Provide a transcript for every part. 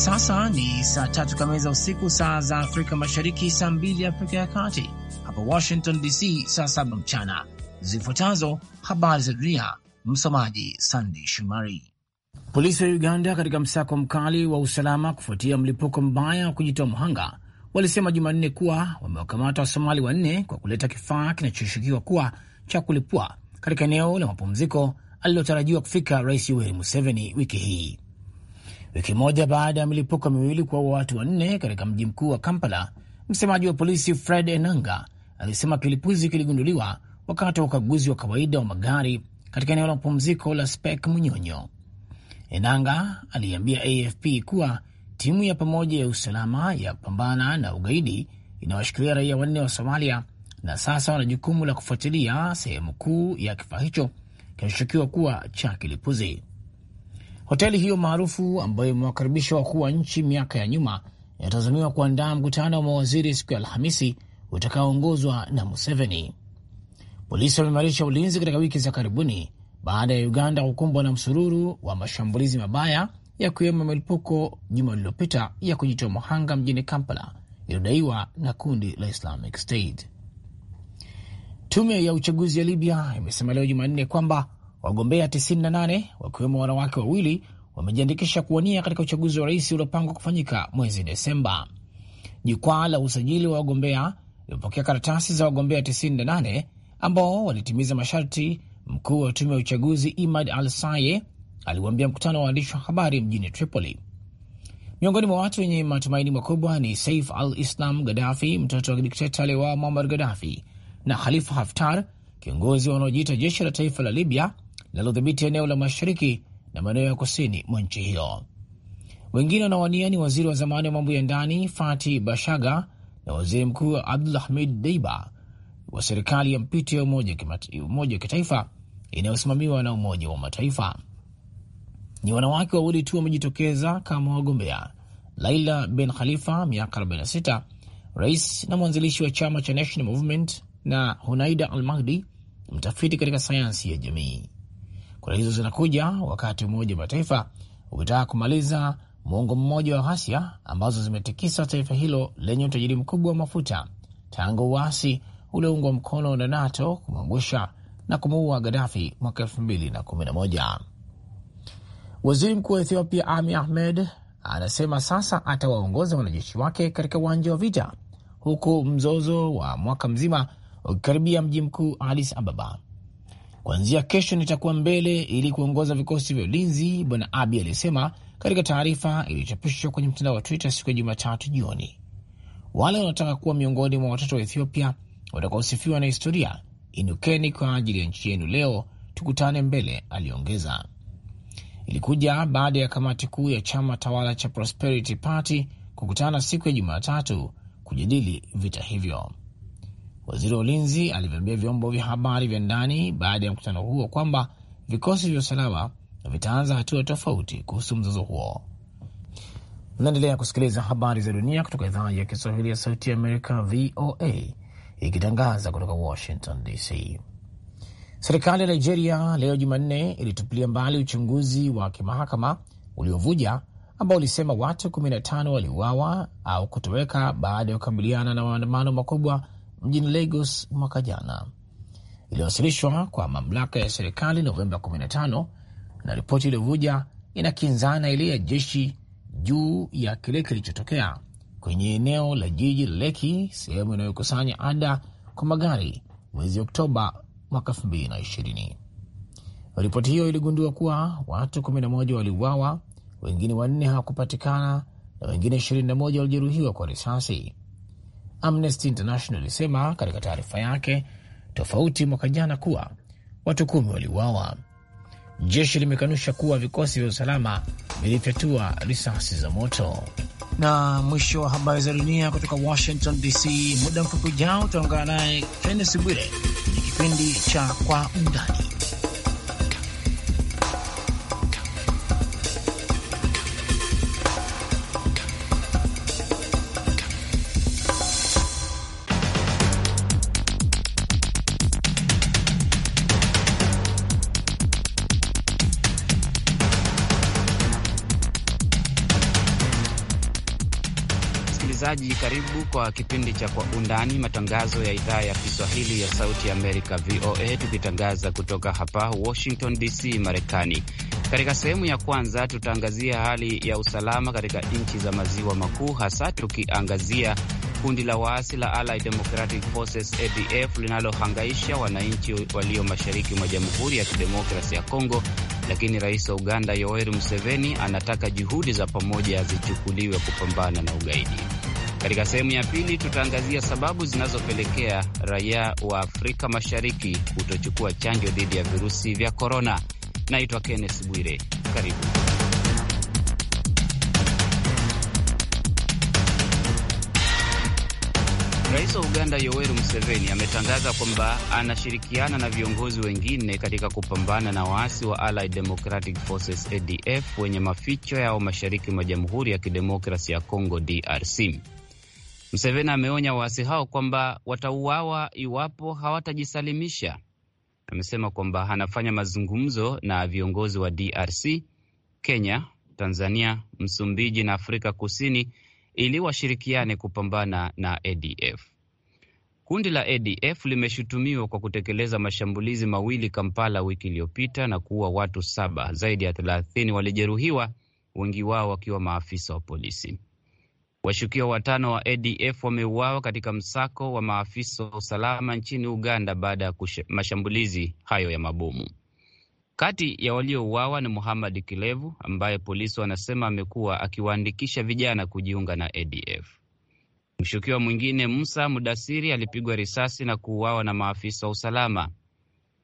sasa ni saa tatu kamili za usiku, saa za Afrika Mashariki, saa mbili Afrika ya Kati, hapa Washington DC saa saba mchana. Zifuatazo habari za dunia, msomaji Sandi Shumari. Polisi wa Uganda katika msako mkali wa usalama kufuatia mlipuko mbaya wa kujitoa mhanga walisema Jumanne kuwa wamewakamata Wasomali wanne kwa kuleta kifaa kinachoshukiwa kuwa cha kulipua katika eneo la mapumziko alilotarajiwa kufika Rais Yoweri Museveni wiki hii wiki moja baada ya milipuko miwili kuwaua watu wanne katika mji mkuu wa Kampala. Msemaji wa polisi Fred Enanga alisema kilipuzi kiligunduliwa wakati wa ukaguzi wa kawaida wa magari katika eneo la mapumziko la Spek Munyonyo. Enanga aliambia AFP kuwa timu ya pamoja ya usalama ya kupambana na ugaidi inawashikilia raia wanne wa Somalia na sasa wana jukumu la kufuatilia sehemu kuu ya kifaa hicho kinachoshukiwa kuwa cha kilipuzi. Hoteli hiyo maarufu ambayo imewakaribisha wakuu wa nchi miaka ya nyuma inatazamiwa kuandaa mkutano wa mawaziri siku ya Alhamisi utakaoongozwa na Museveni. Polisi wameimarisha ulinzi katika wiki za karibuni baada ya Uganda kukumbwa na msururu wa mashambulizi mabaya ya kuwema milipuko juma lililopita ya kujitoa muhanga mjini Kampala iliyodaiwa na kundi la Islamic State. Tume ya uchaguzi ya Libya imesema leo Jumanne kwamba Wagombea 98 wakiwemo wanawake wawili wamejiandikisha kuwania katika uchaguzi wa rais uliopangwa kufanyika mwezi Desemba. Jukwaa la usajili wa wagombea limepokea karatasi za wagombea 98 ambao walitimiza masharti. Mkuu wa tume ya uchaguzi Imad Al Saye aliwaambia mkutano wa waandishi wa habari mjini Tripoli. Miongoni mwa watu wenye matumaini makubwa ni Saif Al Islam Gaddafi, mtoto wa dikteta aliyewaa Muammar Gaddafi, na Khalifa Haftar, kiongozi wanaojiita jeshi la taifa la Libya linalodhibiti eneo la mashariki na maeneo ya kusini mwa nchi hiyo. Wengine wanawania ni waziri wa zamani wa mambo ya ndani Fati Bashaga na waziri mkuu Abdul Hamid Deiba wa serikali ya mpito ya umoja wa kitaifa inayosimamiwa na Umoja wa Mataifa. Ni wanawake wawili tu wamejitokeza kama wagombea, Laila Ben Khalifa, miaka 46, rais na mwanzilishi wa chama cha National Movement, na Hunaida Almahdi, mtafiti katika sayansi ya jamii. Kura hizo zinakuja wakati Umoja wa Mataifa ukitaka kumaliza muongo mmoja wa ghasia ambazo zimetikisa taifa hilo lenye utajiri mkubwa wa mafuta tangu uasi ulioungwa mkono na NATO kumwangusha na kumuua Gadafi mwaka elfu mbili na kumi na moja. Waziri mkuu wa Ethiopia ami Ahmed anasema sasa atawaongoza wanajeshi wake katika uwanja wa vita, huku mzozo wa mwaka mzima ukikaribia mji mkuu adis Ababa. Kuanzia kesho nitakuwa mbele ili kuongoza vikosi vya ulinzi, Bwana Abi alisema katika taarifa iliyochapishwa kwenye mtandao wa Twitter siku ya Jumatatu jioni. Wale wanaotaka kuwa miongoni mwa watoto wa Ethiopia watakaosifiwa na historia, inukeni kwa ajili ya nchi yenu leo, tukutane mbele, aliongeza. Ilikuja baada ya kamati kuu ya chama tawala cha Prosperity Party kukutana siku ya Jumatatu kujadili vita hivyo. Waziri wa ulinzi alivyambia vyombo vya habari vya ndani baada ya mkutano huo kwamba vikosi vya usalama vitaanza hatua tofauti kuhusu mzozo huo. Mnaendelea kusikiliza habari za dunia kutoka idhaa ya Kiswahili ya Sauti ya Amerika, VOA, ikitangaza kutoka Washington DC. Serikali ya Nigeria leo Jumanne ilitupilia mbali uchunguzi wa kimahakama uliovuja ambao ulisema watu 15 waliuawa au kutoweka baada ya kukabiliana na maandamano makubwa mjini Lagos mwaka jana. Iliwasilishwa kwa mamlaka ya serikali Novemba 15 na ripoti iliyovuja inakinzana ile ya jeshi juu ya kile kilichotokea kwenye eneo la jiji la Leki, sehemu inayokusanya ada kwa magari mwezi Oktoba mwaka 2020. Ripoti hiyo iligundua kuwa watu 11 waliuawa, wengine wanne hawakupatikana na wengine 21 walijeruhiwa kwa risasi Amnesty International ilisema katika taarifa yake tofauti mwaka jana kuwa watu kumi waliuawa. Jeshi limekanusha kuwa vikosi vya usalama vilifyatua risasi za moto. Na mwisho wa habari za dunia kutoka Washington DC. Muda mfupi ujao utaungana naye Kennes Bwire kwenye kipindi cha Kwa Undani. msikilizaji, karibu kwa kipindi cha Kwa Undani, matangazo ya idhaa ya Kiswahili ya Sauti ya Amerika, VOA, tukitangaza kutoka hapa Washington DC, Marekani. Katika sehemu ya kwanza tutaangazia hali ya usalama katika nchi za maziwa makuu, hasa tukiangazia kundi la waasi la Allied Democratic Forces ADF linalohangaisha wananchi walio mashariki mwa Jamhuri ya Kidemokrasi ya Kongo, lakini rais wa Uganda Yoweri Museveni anataka juhudi za pamoja zichukuliwe kupambana na ugaidi. Katika sehemu ya pili, tutaangazia sababu zinazopelekea raia wa Afrika Mashariki kutochukua chanjo dhidi ya virusi vya korona. Naitwa kennes Bwire, karibu. Rais wa Uganda Yoweri Museveni ametangaza kwamba anashirikiana na viongozi wengine katika kupambana na waasi wa Allied Democratic Forces ADF wenye maficho yao mashariki mwa Jamhuri ya Kidemokrasi ya congo DRC mseveni ameonya waasi hao kwamba watauawa iwapo hawatajisalimisha. Amesema kwamba anafanya mazungumzo na viongozi wa DRC, Kenya, Tanzania, Msumbiji na Afrika Kusini ili washirikiane kupambana na ADF. Kundi la ADF limeshutumiwa kwa kutekeleza mashambulizi mawili Kampala wiki iliyopita na kuua watu saba. Zaidi ya 30 walijeruhiwa, wengi wao wakiwa maafisa wa polisi. Washukiwa watano wa ADF wameuawa katika msako wa maafisa wa usalama nchini Uganda baada ya mashambulizi hayo ya mabomu. Kati ya waliouawa ni Muhammad Kilevu ambaye polisi wanasema amekuwa akiwaandikisha vijana kujiunga na ADF. Mshukiwa mwingine Musa Mudasiri alipigwa risasi na kuuawa na maafisa wa usalama.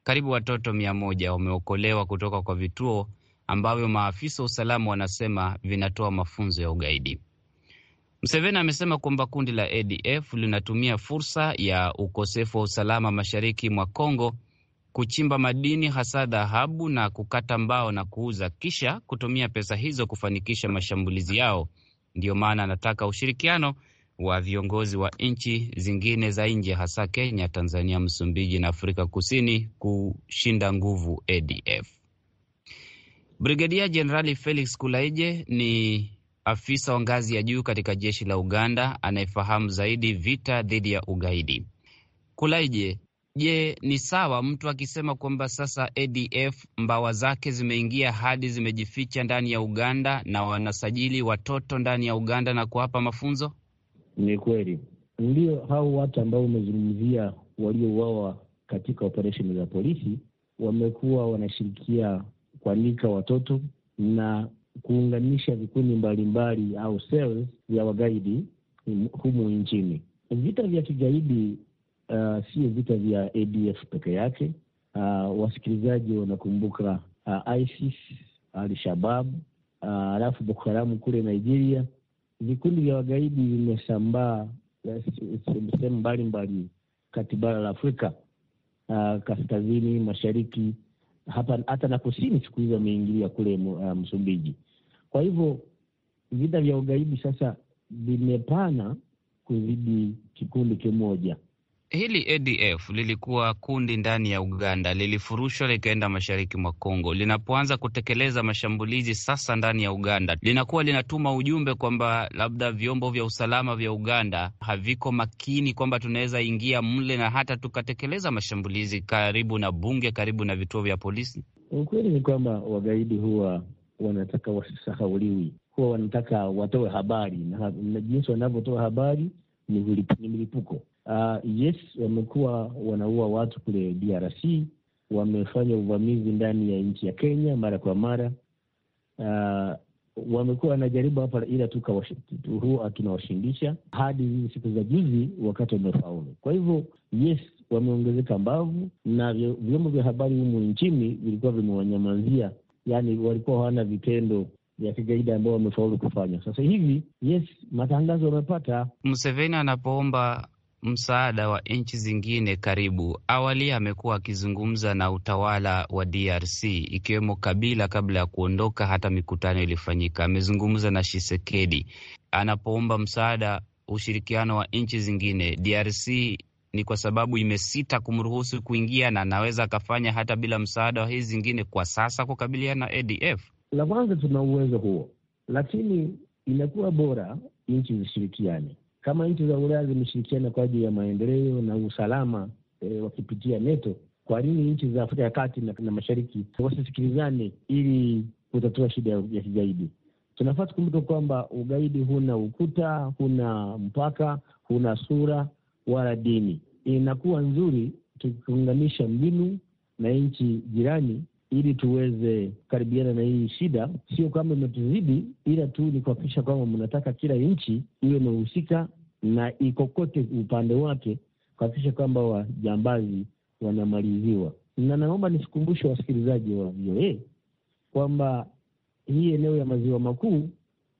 Karibu watoto mia moja wameokolewa kutoka kwa vituo ambavyo maafisa wa usalama wanasema vinatoa mafunzo ya ugaidi mseveni amesema kwamba kundi la ADF linatumia fursa ya ukosefu wa usalama mashariki mwa congo kuchimba madini hasa dhahabu na kukata mbao na kuuza, kisha kutumia pesa hizo kufanikisha mashambulizi yao. Ndiyo maana anataka ushirikiano wa viongozi wa nchi zingine za nje, hasa Kenya, Tanzania, Msumbiji na Afrika Kusini kushinda nguvu ADF. Brigedia Jenerali Felix Kulaije ni afisa wa ngazi ya juu katika jeshi la Uganda anayefahamu zaidi vita dhidi ya ugaidi. Kulaije, je, ni sawa mtu akisema kwamba sasa ADF mbawa zake zimeingia hadi zimejificha ndani ya Uganda na wanasajili watoto ndani ya Uganda na kuwapa mafunzo? Ni kweli, ndio hao watu ambao umezungumzia waliouawa katika operesheni za polisi wamekuwa wanashirikia kuanika watoto na kuunganisha vikundi mbalimbali au cells vya wagaidi humu nchini. Vita vya kigaidi uh, sio vita vya ADF peke yake. Uh, wasikilizaji wanakumbuka uh, ISIS, Al-Shabab halafu uh, Boko Haramu kule Nigeria. Vikundi vya wagaidi vimesambaa uh, sehemu mbalimbali kati bara la Afrika uh, kaskazini mashariki hapa hata na kusini, siku hizi wameingilia kule uh, Msumbiji. Kwa hivyo vita vya ugaidi sasa vimepana kuzidi kikundi kimoja. Hili ADF lilikuwa kundi ndani ya Uganda, lilifurushwa likaenda mashariki mwa Kongo. Linapoanza kutekeleza mashambulizi sasa ndani ya Uganda, linakuwa linatuma ujumbe kwamba labda vyombo vya usalama vya Uganda haviko makini, kwamba tunaweza ingia mle na hata tukatekeleza mashambulizi karibu na bunge, karibu na vituo vya polisi. Ukweli ni kwamba wagaidi huwa wanataka wasisahauliwi, huwa wanataka watoe habari na, na jinsi wanavyotoa habari ni milipuko. Uh, yes, wamekuwa wanaua watu kule DRC, wamefanya uvamizi ndani ya nchi ya Kenya mara kwa mara. Uh, wamekuwa wanajaribu hapa, ila huwa tunawashindisha hadi hizi siku za juzi, wakati wamefaulu. Kwa hivyo yes, wameongezeka mbavu, na vyombo vya habari humu nchini vilikuwa vimewanyamazia yani walikuwa hawana vitendo ya kigaidi ambao wamefaulu kufanya. Sasa hivi yes, matangazo wamepata. Museveni anapoomba msaada wa nchi zingine karibu, awali amekuwa akizungumza na utawala wa DRC ikiwemo Kabila kabla ya kuondoka, hata mikutano ilifanyika. Amezungumza na Shisekedi. Anapoomba msaada, ushirikiano wa nchi zingine, DRC ni kwa sababu imesita kumruhusu kuingia, na anaweza akafanya hata bila msaada wa hii zingine kwa sasa kukabiliana na ADF. La kwanza tuna uwezo huo, lakini inakuwa bora nchi zishirikiane. Kama nchi za Ulaya zimeshirikiana kwa ajili ya maendeleo na usalama e, wakipitia NETO, kwa nini nchi za Afrika ya Kati na, na Mashariki wasisikilizane ili kutatua shida ya kigaidi? Tunafaa tukumbuka kwamba ugaidi huna ukuta, huna mpaka, huna sura wala dini inakuwa nzuri tukiunganisha mbinu na nchi jirani ili tuweze kukaribiana na hii shida. Sio kama imetuzidi, ila tu ni kuhakikisha kwamba mnataka kila nchi iwe imehusika na ikokote upande wake kuhakikisha kwamba wajambazi wanamaliziwa. Na naomba nisikumbushe wasikilizaji wa VOA kwamba hii eneo ya maziwa makuu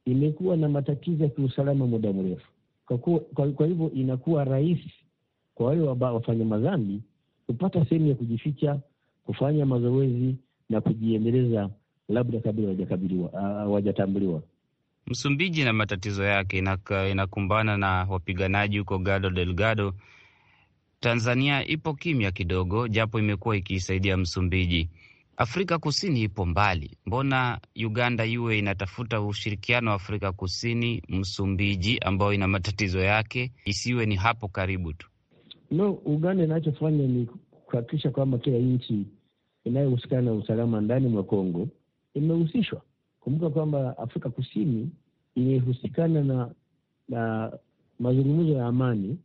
imekuwa na matatizo ya kiusalama muda mrefu. Kwa, kwa hivyo inakuwa rahisi kwa wale wafanya madhambi kupata sehemu ya kujificha, kufanya mazoezi na kujiendeleza, labda kabla hawajakabiliwa ah, hawajatambuliwa. Msumbiji na matatizo yake inakumbana na wapiganaji huko Gado Delgado. Tanzania ipo kimya kidogo, japo imekuwa ikiisaidia Msumbiji. Afrika Kusini ipo mbali, mbona Uganda iwe inatafuta ushirikiano wa Afrika Kusini Msumbiji, ambayo ina matatizo yake, isiwe ni hapo karibu tu? No, Uganda inachofanya ni kuhakikisha kwamba kila nchi inayohusikana na usalama ndani mwa Kongo imehusishwa. Kumbuka kwamba Afrika Kusini imehusikana na, na mazungumzo ya amani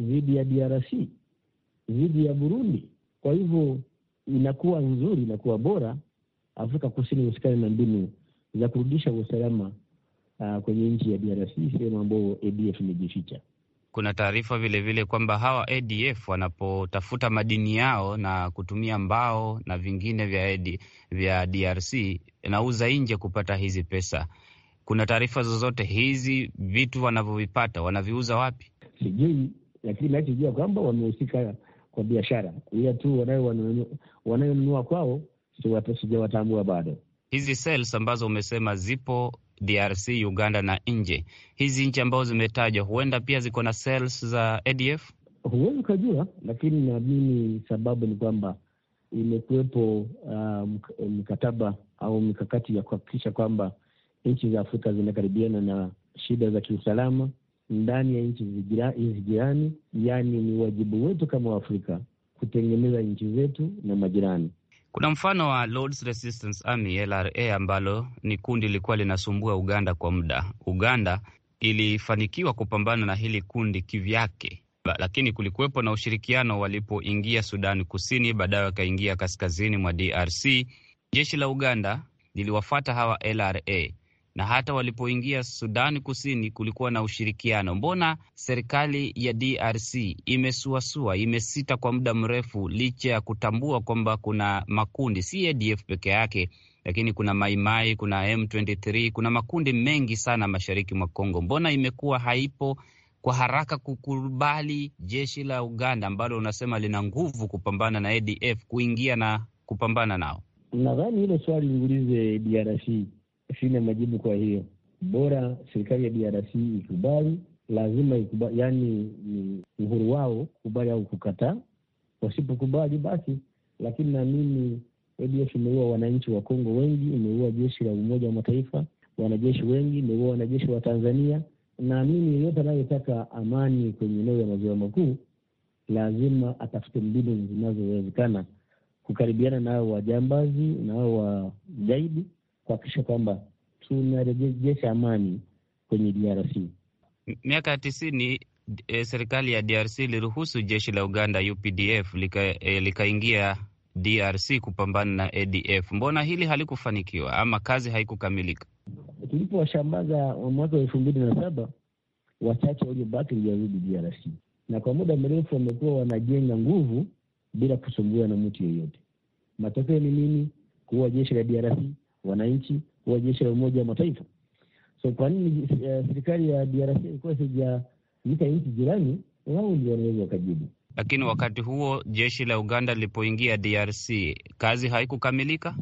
dhidi ya DRC, dhidi ya Burundi. Kwa hivyo inakuwa nzuri, inakuwa bora Afrika Kusini husikane na mbinu za kurudisha usalama uh, kwenye nchi ya DRC, sehemu ambayo ADF imejificha. Kuna taarifa vilevile kwamba hawa ADF wanapotafuta madini yao na kutumia mbao na vingine vya, AD, vya DRC nauza nje kupata hizi pesa. Kuna taarifa zozote hizi vitu wanavyovipata wanaviuza wapi? Sijui, lakini nachojua kwamba wamehusika kwa biashara, ila tu wanayonunua kwao sijawatambua bado. Hizi sales ambazo umesema zipo DRC, Uganda na nje. Hizi nchi ambazo zimetajwa huenda pia ziko na cells za ADF, huwezi ukajua, lakini naamini sababu ni kwamba imekuwepo uh, mikataba au mikakati ya kuhakikisha kwamba nchi za Afrika zinakaribiana na shida za kiusalama ndani ya nchi hizi jirani. Yaani ni wajibu wetu kama Waafrika kutengeneza nchi zetu na majirani kuna mfano wa Lord's Resistance Army LRA ambalo ni kundi lilikuwa linasumbua Uganda kwa muda. Uganda ilifanikiwa kupambana na hili kundi kivyake, lakini kulikuwepo na ushirikiano walipoingia Sudani Kusini, baadaye wakaingia kaskazini mwa DRC. Jeshi la Uganda liliwafuata hawa LRA na hata walipoingia Sudani Kusini kulikuwa na ushirikiano. Mbona serikali ya DRC imesuasua, imesita kwa muda mrefu, licha ya kutambua kwamba kuna makundi, si ADF peke yake, lakini kuna Maimai, kuna M23, kuna makundi mengi sana mashariki mwa Kongo. Mbona imekuwa haipo kwa haraka kukubali jeshi la Uganda ambalo unasema lina nguvu kupambana na ADF kuingia na kupambana nao? Nadhani hilo swali liulize DRC sina majibu. Kwa hiyo bora serikali ya DRC ikubali, lazima ikubali, yani ni uhuru wao kubali au kukataa. Wasipokubali basi, lakini naamini ADF imeua wananchi wa Kongo wengi, imeua jeshi la Umoja wa Mataifa wanajeshi wengi, imeua wanajeshi wa Tanzania. Naamini yeyote anayetaka amani kwenye eneo ya maziwa makuu lazima atafute mbinu zinazowezekana kukaribiana nao wajambazi nao wagaidi kuhakikisha kwamba tunarejesha amani kwenye DRC. Miaka ya tisini e, serikali ya DRC iliruhusu jeshi la Uganda UPDF e, likaingia e, lika DRC kupambana na ADF. Mbona hili halikufanikiwa ama kazi haikukamilika? Tulipowashambaza mwaka wa elfu mbili na saba, wachache waliobaki walijarudi DRC na kwa muda mrefu wamekuwa wanajenga nguvu bila kusumbua na mtu yeyote. Matokeo ni nini? Kuwa jeshi la DRC wananchi wa jeshi la Umoja wa Mataifa. So kwa nini eh, serikali ya DRC ilikuwa sijaita nchi jirani? Wao ndio wanaweza wakajibu. Lakini wakati huo jeshi la Uganda lilipoingia DRC, kazi haikukamilika.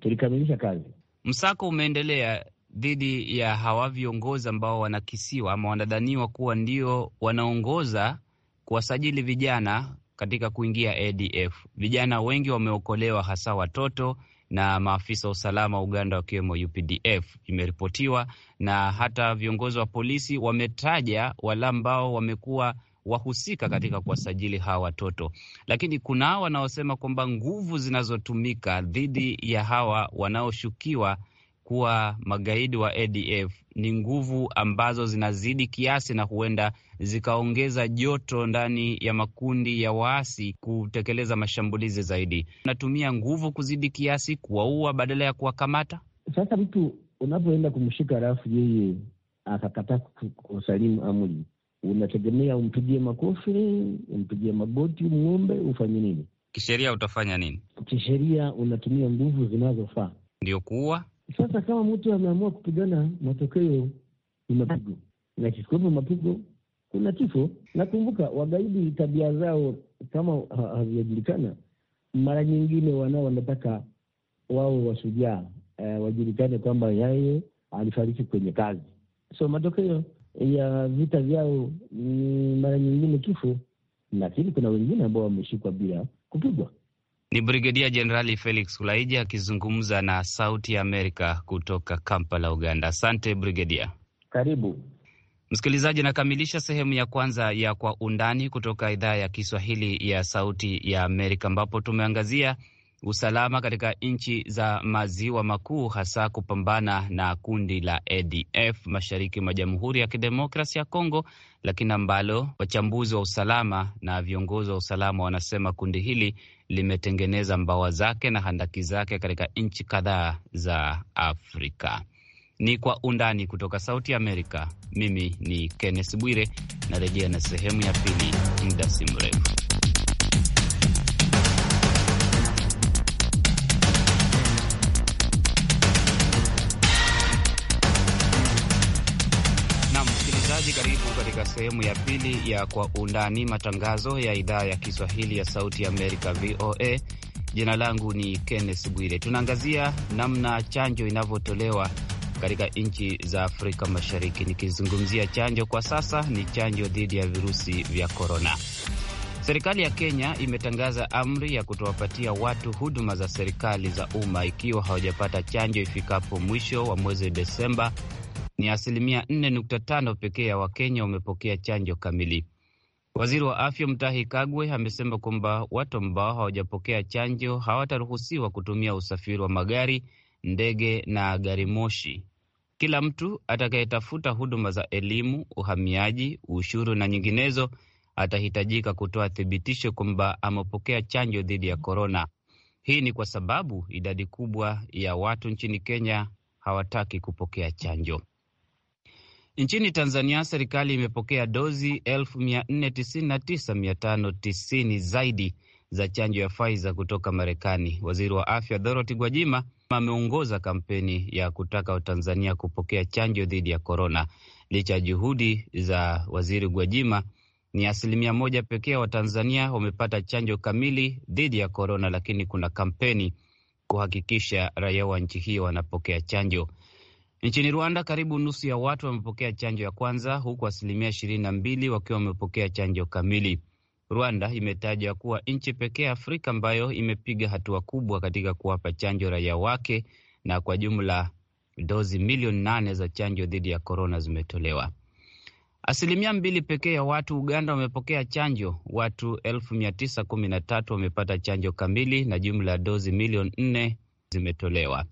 Tulikamilisha kazi. Msako umeendelea dhidi ya hawa viongozi ambao wanakisiwa ama wanadhaniwa kuwa ndio wanaongoza kuwasajili vijana katika kuingia ADF. Vijana wengi wameokolewa, hasa watoto na maafisa wa usalama wa Uganda wakiwemo UPDF imeripotiwa, na hata viongozi wa polisi wametaja wale ambao wamekuwa wahusika katika kuwasajili hawa watoto, lakini kuna wanaosema kwamba nguvu zinazotumika dhidi ya hawa wanaoshukiwa kuwa magaidi wa ADF ni nguvu ambazo zinazidi kiasi na huenda zikaongeza joto ndani ya makundi ya waasi kutekeleza mashambulizi zaidi. Unatumia nguvu kuzidi kiasi kuwaua badala ya kuwakamata. Sasa mtu unapoenda kumshika halafu yeye akakataa kusalimu amri, unategemea umpigie makofi, umpigie magoti, umwombe, ufanye nini? Kisheria utafanya nini? Kisheria unatumia nguvu zinazofaa, ndio kuua sasa kama mtu ameamua kupigana, matokeo ni mapigo, na kisikuwepo mapigo kuna kifo. Nakumbuka wagaidi tabia zao kama hazijajulikana, mara nyingine wanao wanataka wao washujaa eh, wajulikane kwamba yeye alifariki kwenye kazi. So matokeo ya vita vyao ni mara nyingine kifo, lakini kuna wengine ambao wameshikwa bila kupigwa. Ni Brigedia Jenerali Felix Kulaija akizungumza na Sauti ya Amerika kutoka Kampala, Uganda. Asante Brigedia. Karibu msikilizaji, nakamilisha sehemu ya kwanza ya Kwa Undani kutoka idhaa ya Kiswahili ya Sauti ya Amerika ambapo tumeangazia usalama katika nchi za maziwa makuu, hasa kupambana na kundi la ADF mashariki mwa Jamhuri ya kidemokrasi ya Kongo, lakini ambalo wachambuzi wa usalama na viongozi wa usalama wanasema kundi hili limetengeneza mbawa zake na handaki zake katika nchi kadhaa za Afrika. Ni kwa undani kutoka Sauti ya Amerika. Mimi ni Kenneth Bwire, narejea na sehemu ya pili muda si mrefu. Msikilizaji, karibu katika sehemu ya pili ya Kwa Undani, matangazo ya idhaa ya Kiswahili ya Sauti ya Amerika, VOA. Jina langu ni Kenneth Bwire. Tunaangazia namna chanjo inavyotolewa katika nchi za Afrika Mashariki. Nikizungumzia chanjo kwa sasa, ni chanjo dhidi ya virusi vya korona. Serikali ya Kenya imetangaza amri ya kutowapatia watu huduma za serikali za umma ikiwa hawajapata chanjo ifikapo mwisho wa mwezi Desemba ni asilimia 4.5 pekee ya Wakenya wamepokea chanjo kamili. Waziri wa afya mtahi Kagwe amesema kwamba watu ambao hawajapokea chanjo hawataruhusiwa kutumia usafiri wa magari, ndege na gari moshi. Kila mtu atakayetafuta huduma za elimu, uhamiaji, ushuru na nyinginezo atahitajika kutoa thibitisho kwamba amepokea chanjo dhidi ya korona. Hii ni kwa sababu idadi kubwa ya watu nchini Kenya hawataki kupokea chanjo. Nchini Tanzania, serikali imepokea dozi 499,590 zaidi za chanjo ya Pfizer kutoka Marekani. Waziri wa afya Dorothy Gwajima ameongoza kampeni ya kutaka Watanzania kupokea chanjo dhidi ya korona. Licha ya juhudi za waziri Gwajima, ni asilimia moja pekee ya Watanzania wamepata chanjo kamili dhidi ya korona, lakini kuna kampeni kuhakikisha raia wa nchi hiyo wanapokea chanjo. Nchini Rwanda, karibu nusu ya watu wamepokea chanjo ya kwanza huku asilimia ishirini na mbili wakiwa wamepokea chanjo kamili. Rwanda imetaja kuwa nchi pekee Afrika ambayo imepiga hatua kubwa katika kuwapa chanjo raia wake, na kwa jumla dozi milioni nane za chanjo dhidi ya korona zimetolewa. Asilimia mbili pekee ya watu Uganda wamepokea chanjo. Watu elfu mia tisa kumi na tatu wamepata chanjo kamili na jumla ya dozi milioni nne zimetolewa.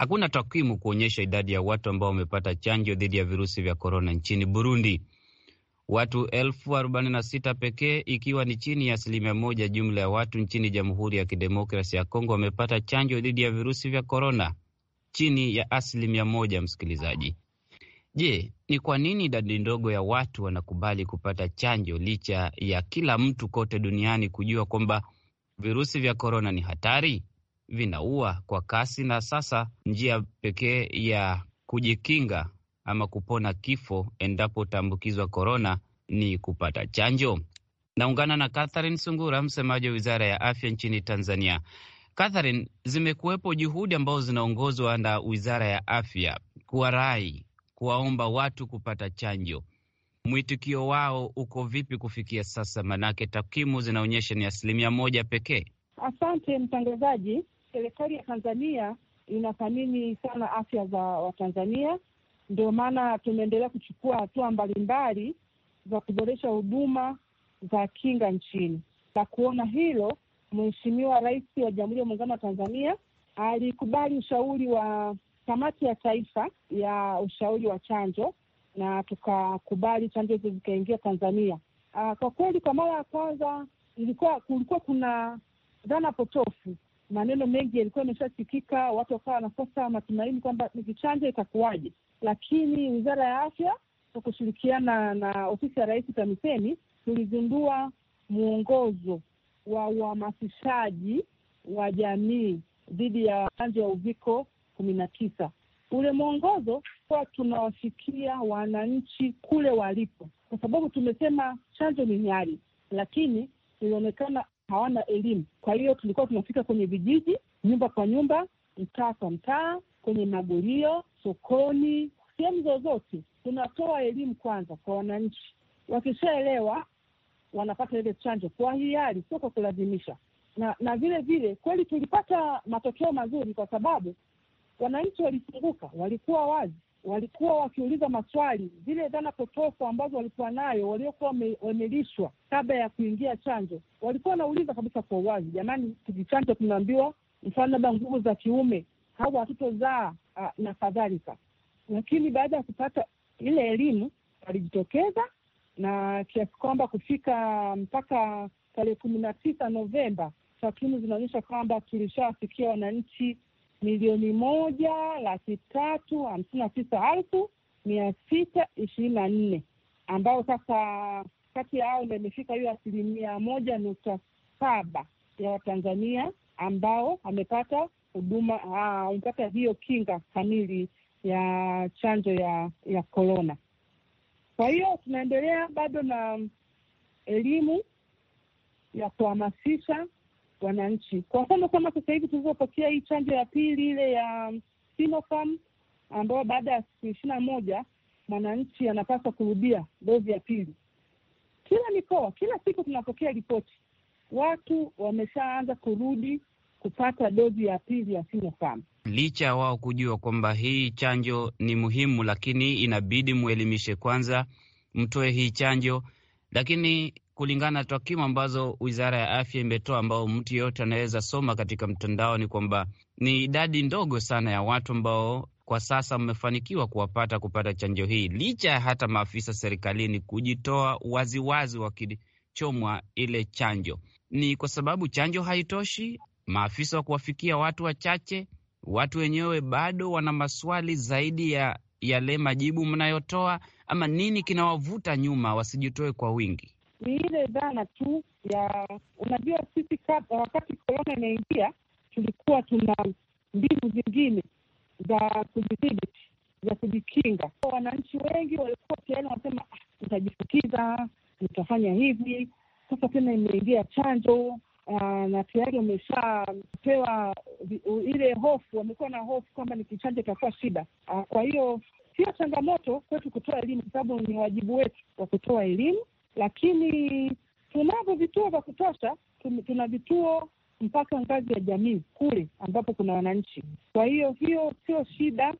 Hakuna takwimu kuonyesha idadi ya watu ambao wamepata chanjo dhidi ya virusi vya korona nchini Burundi, watu elfu arobaini na sita pekee, ikiwa ni chini ya asilimia moja jumla ya watu nchini Jamhuri ya Kidemokrasi ya Kongo wamepata chanjo dhidi ya virusi vya korona, chini ya asilimia moja. Msikilizaji, je, ni kwa nini idadi ndogo ya watu wanakubali kupata chanjo licha ya kila mtu kote duniani kujua kwamba virusi vya korona ni hatari? vinaua kwa kasi, na sasa njia pekee ya kujikinga ama kupona kifo endapo utaambukizwa korona ni kupata chanjo. Naungana na Catherine Sungura, msemaji wa wizara ya afya nchini Tanzania. Catherine, zimekuwepo juhudi ambazo zinaongozwa na wizara ya afya kuwarai, kuwaomba watu kupata chanjo. Mwitikio wao uko vipi kufikia sasa? Manake takwimu zinaonyesha ni asilimia moja pekee. Asante mtangazaji serikali ya Tanzania inathamini sana afya za Watanzania, ndio maana tumeendelea kuchukua hatua mbalimbali za kuboresha huduma za kinga nchini. Na kuona hilo, Mheshimiwa Rais wa Jamhuri ya Muungano wa Tanzania alikubali ushauri wa Kamati ya Taifa ya ushauri wa chanjo na tukakubali chanjo hizo zikaingia Tanzania. Aa, ah, kwa kweli kwa mara ya kwanza ilikuwa kulikuwa kuna dhana potofu maneno mengi yalikuwa yameshasikika, watu wakawa wanakosa matumaini kwamba nikichanja itakuwaje, lakini wizara ya afya kwa kushirikiana na ofisi ya Rais TAMISEMI tulizindua mwongozo wa uhamasishaji wa jamii dhidi ya chanjo ya uviko kumi na tisa. Ule mwongozo kuwa tunawafikia wananchi kule walipo, kwa sababu tumesema chanjo ni nyari, lakini ilionekana hawana elimu. Kwa hiyo tulikuwa tunafika kwenye vijiji, nyumba kwa nyumba, mtaa kwa mtaa, kwenye magulio, sokoni, sehemu zozote, tunatoa elimu kwanza kwa wananchi. Wakishaelewa wanapata ile chanjo kwa hiari, sio kwa kulazimisha. Na na vile vile kweli tulipata matokeo mazuri, kwa sababu wananchi walifunguka, walikuwa wazi walikuwa wakiuliza maswali, zile dhana potofu ambazo walikuwa nayo, waliokuwa wamelishwa kabla ya kuingia chanjo, walikuwa wanauliza kabisa kwa uwazi, jamani, tujichanjo tunaambiwa mfano labda nguvu za kiume au zaa ah, na kadhalika. Lakini baada ya kupata ile elimu walijitokeza na kiasi kwamba kufika mpaka tarehe kumi na tisa Novemba, takwimu zinaonyesha kwamba tulishawafikia wananchi milioni moja laki tatu hamsini na tisa elfu mia sita ishirini na nne ambao sasa kati ya hao ndo imefika hiyo asilimia moja nukta saba ya Watanzania ambao wamepata huduma ah, amepata hiyo kinga kamili ya chanjo ya ya korona. Kwa hiyo tunaendelea bado na mm, elimu ya kuhamasisha wananchi. Kwa mfano kama sasa hivi tulivyopokea hii chanjo ya pili ile ya Sinopharm ambayo baada ya siku ishirini na moja mwananchi anapaswa kurudia dozi ya pili. Kila mikoa, kila siku tunapokea ripoti, watu wameshaanza kurudi kupata dozi ya pili ya Sinopharm. Licha ya wao kujua kwamba hii chanjo ni muhimu, lakini inabidi mwelimishe kwanza, mtoe hii chanjo. Lakini kulingana na takwimu ambazo wizara ya afya imetoa, ambao mtu yeyote anaweza soma katika mtandao, ni kwamba ni idadi ndogo sana ya watu ambao kwa sasa mmefanikiwa kuwapata kupata chanjo hii, licha ya hata maafisa serikalini kujitoa waziwazi wakichomwa ile chanjo. Ni kwa sababu chanjo haitoshi, maafisa wa kuwafikia watu wachache, watu wenyewe bado wana maswali zaidi ya yale majibu mnayotoa, ama nini kinawavuta nyuma wasijitoe kwa wingi? ni ile dhana tu ya unajua, sisi wakati korona inaingia, tulikuwa tuna mbinu zingine za kujidhibiti za kujikinga. Wananchi wengi walikuwa tayari wanasema ah, nitajifukiza, nitafanya hivi. Sasa tena imeingia chanjo ah, na tayari wameshapewa ile hofu, wamekuwa na hofu kwamba nikichanja itakuwa shida. Ah, kwa hiyo sio changamoto kwetu kutoa elimu, kwa sababu ni wajibu wetu wa kutoa elimu lakini tunavyo vituo vya kutosha. Tuna vituo mpaka ngazi ya jamii kule ambapo kuna wananchi. Kwa hiyo hiyo sio shida,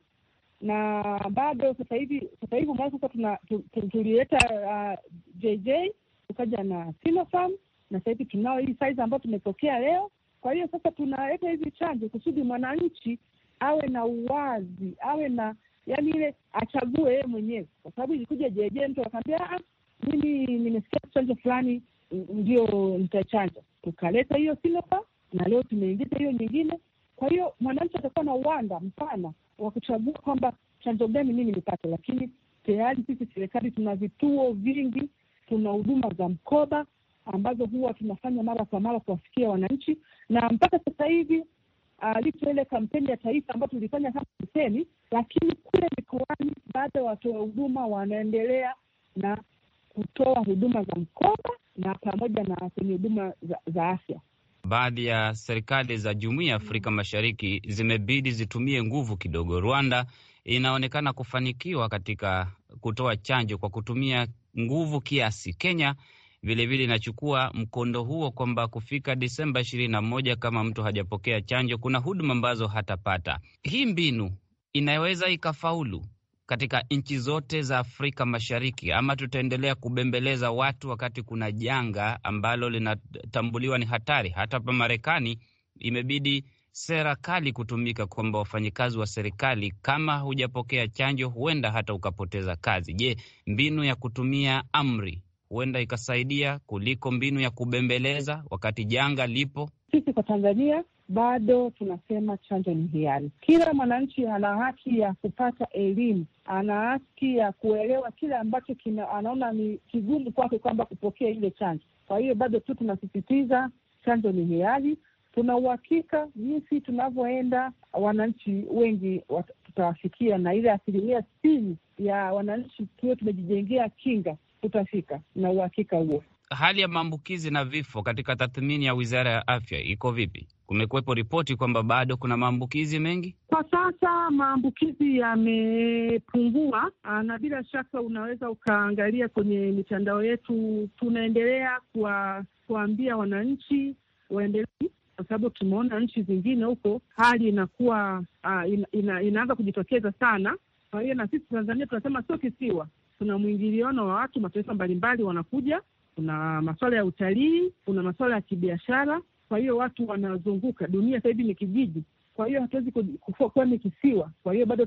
na bado sasa hivi sasa hivi mwaka sasa tulileta uh, ah, JJ tukaja na Sinopharm na sasa hivi tunao hii size ambayo tumetokea leo. Kwa hiyo sasa tunaleta hizi chanjo kusudi mwananchi awe na uwazi, awe na yani ile achague yeye mwenyewe, kwa sababu ilikuja JJ mtu akaambia ah, mimi nimesikia chanjo fulani, ndio nitachanja. Tukaleta hiyo Sinovac na leo tumeingiza hiyo nyingine. Kwa hiyo mwananchi atakuwa na uwanda mpana wa kuchagua kwamba chanjo gani mimi nipate, lakini tayari sisi serikali tuna vituo vingi, tuna huduma za mkoba ambazo huwa tunafanya mara kwa mara kuwafikia wananchi, na mpaka sasa hivi ah, licha ile kampeni ya taifa ambayo tulifanya kama kampeni, lakini kule mikoani baada ya watoa huduma wanaendelea na kutoa huduma za mkoba na pamoja na kwenye huduma za, za afya. Baadhi ya serikali za Jumuiya ya Afrika Mashariki zimebidi zitumie nguvu kidogo. Rwanda inaonekana kufanikiwa katika kutoa chanjo kwa kutumia nguvu kiasi. Kenya vilevile inachukua mkondo huo kwamba kufika Disemba ishirini na moja, kama mtu hajapokea chanjo, kuna huduma ambazo hatapata. Hii mbinu inaweza ikafaulu katika nchi zote za Afrika Mashariki, ama tutaendelea kubembeleza watu wakati kuna janga ambalo linatambuliwa ni hatari? Hata hapa Marekani imebidi sera kali kutumika kwamba wafanyikazi wa serikali, kama hujapokea chanjo, huenda hata ukapoteza kazi. Je, mbinu ya kutumia amri huenda ikasaidia kuliko mbinu ya kubembeleza wakati janga lipo? Sisi kwa Tanzania bado tunasema chanjo ni hiari. Kila mwananchi ana haki ya kupata elimu, ana haki ya kuelewa kile ambacho kina, anaona ni kigumu kwake kwamba kupokea ile chanjo. Kwa hiyo bado tu tunasisitiza chanjo ni hiari. Tuna uhakika jinsi tunavyoenda, wananchi wengi tutawafikia, na ile asilimia sitini ya wananchi tuwe tumejijengea kinga, tutafika na uhakika huo hali ya maambukizi na vifo katika tathmini ya wizara ya afya iko vipi? Kumekuwepo ripoti kwamba bado kuna maambukizi mengi. Kwa sasa maambukizi yamepungua, ah, na bila shaka unaweza ukaangalia kwenye mitandao yetu. Tunaendelea kuwaambia wananchi waendelee kwa sababu tumeona nchi zingine huko hali inakuwa uh, ina, ina, inaanza kujitokeza sana. Kwa hiyo na sisi Tanzania tunasema sio kisiwa, tuna mwingiliano wa watu, mataifa mbalimbali wanakuja kuna masuala ya utalii, kuna masuala ya kibiashara. Kwa hiyo watu wanazunguka dunia, sasa hivi ni kijiji kwa hiyo hatuwezi kuwa ni kisiwa. Kwa hiyo bado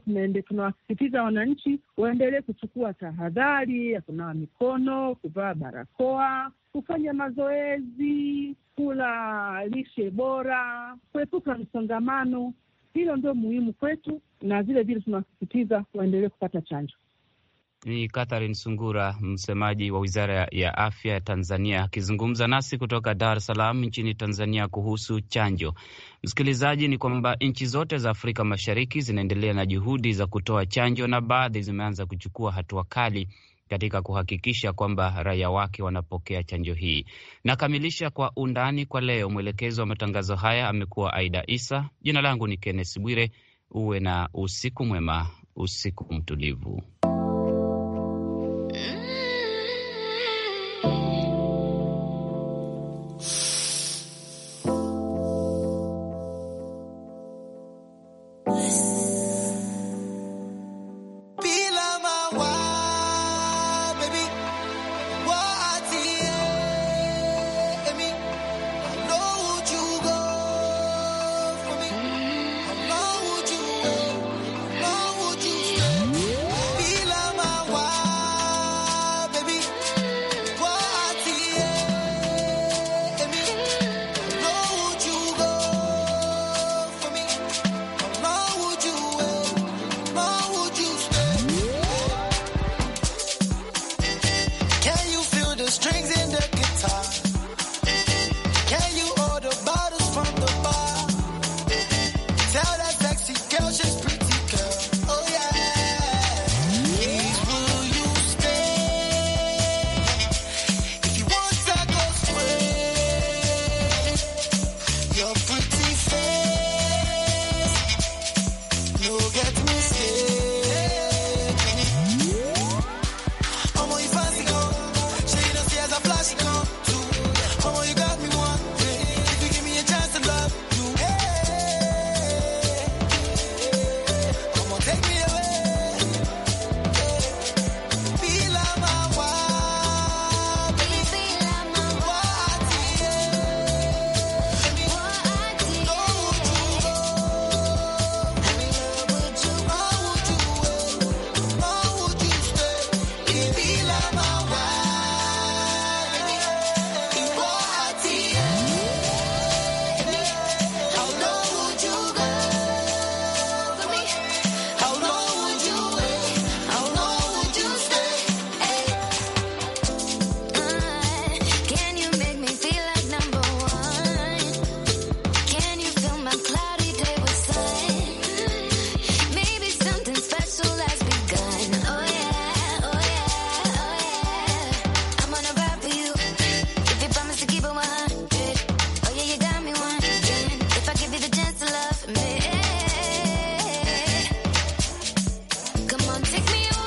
tunawasisitiza wananchi waendelee kuchukua tahadhari ya kunawa mikono, kuvaa barakoa, kufanya mazoezi, kula lishe bora, kuepuka msongamano. Hilo ndio muhimu kwetu, na vile vile tunawasisitiza waendelee kupata chanjo. Ni Catherine Sungura, msemaji wa wizara ya afya ya Tanzania, akizungumza nasi kutoka Dar es Salaam nchini Tanzania kuhusu chanjo. Msikilizaji, ni kwamba nchi zote za Afrika Mashariki zinaendelea na juhudi za kutoa chanjo na baadhi zimeanza kuchukua hatua kali katika kuhakikisha kwamba raia wake wanapokea chanjo hii. Nakamilisha kwa undani kwa leo. Mwelekezi wa matangazo haya amekuwa Aida Isa. Jina langu ni kennes Bwire. Uwe na usiku mwema, usiku mtulivu.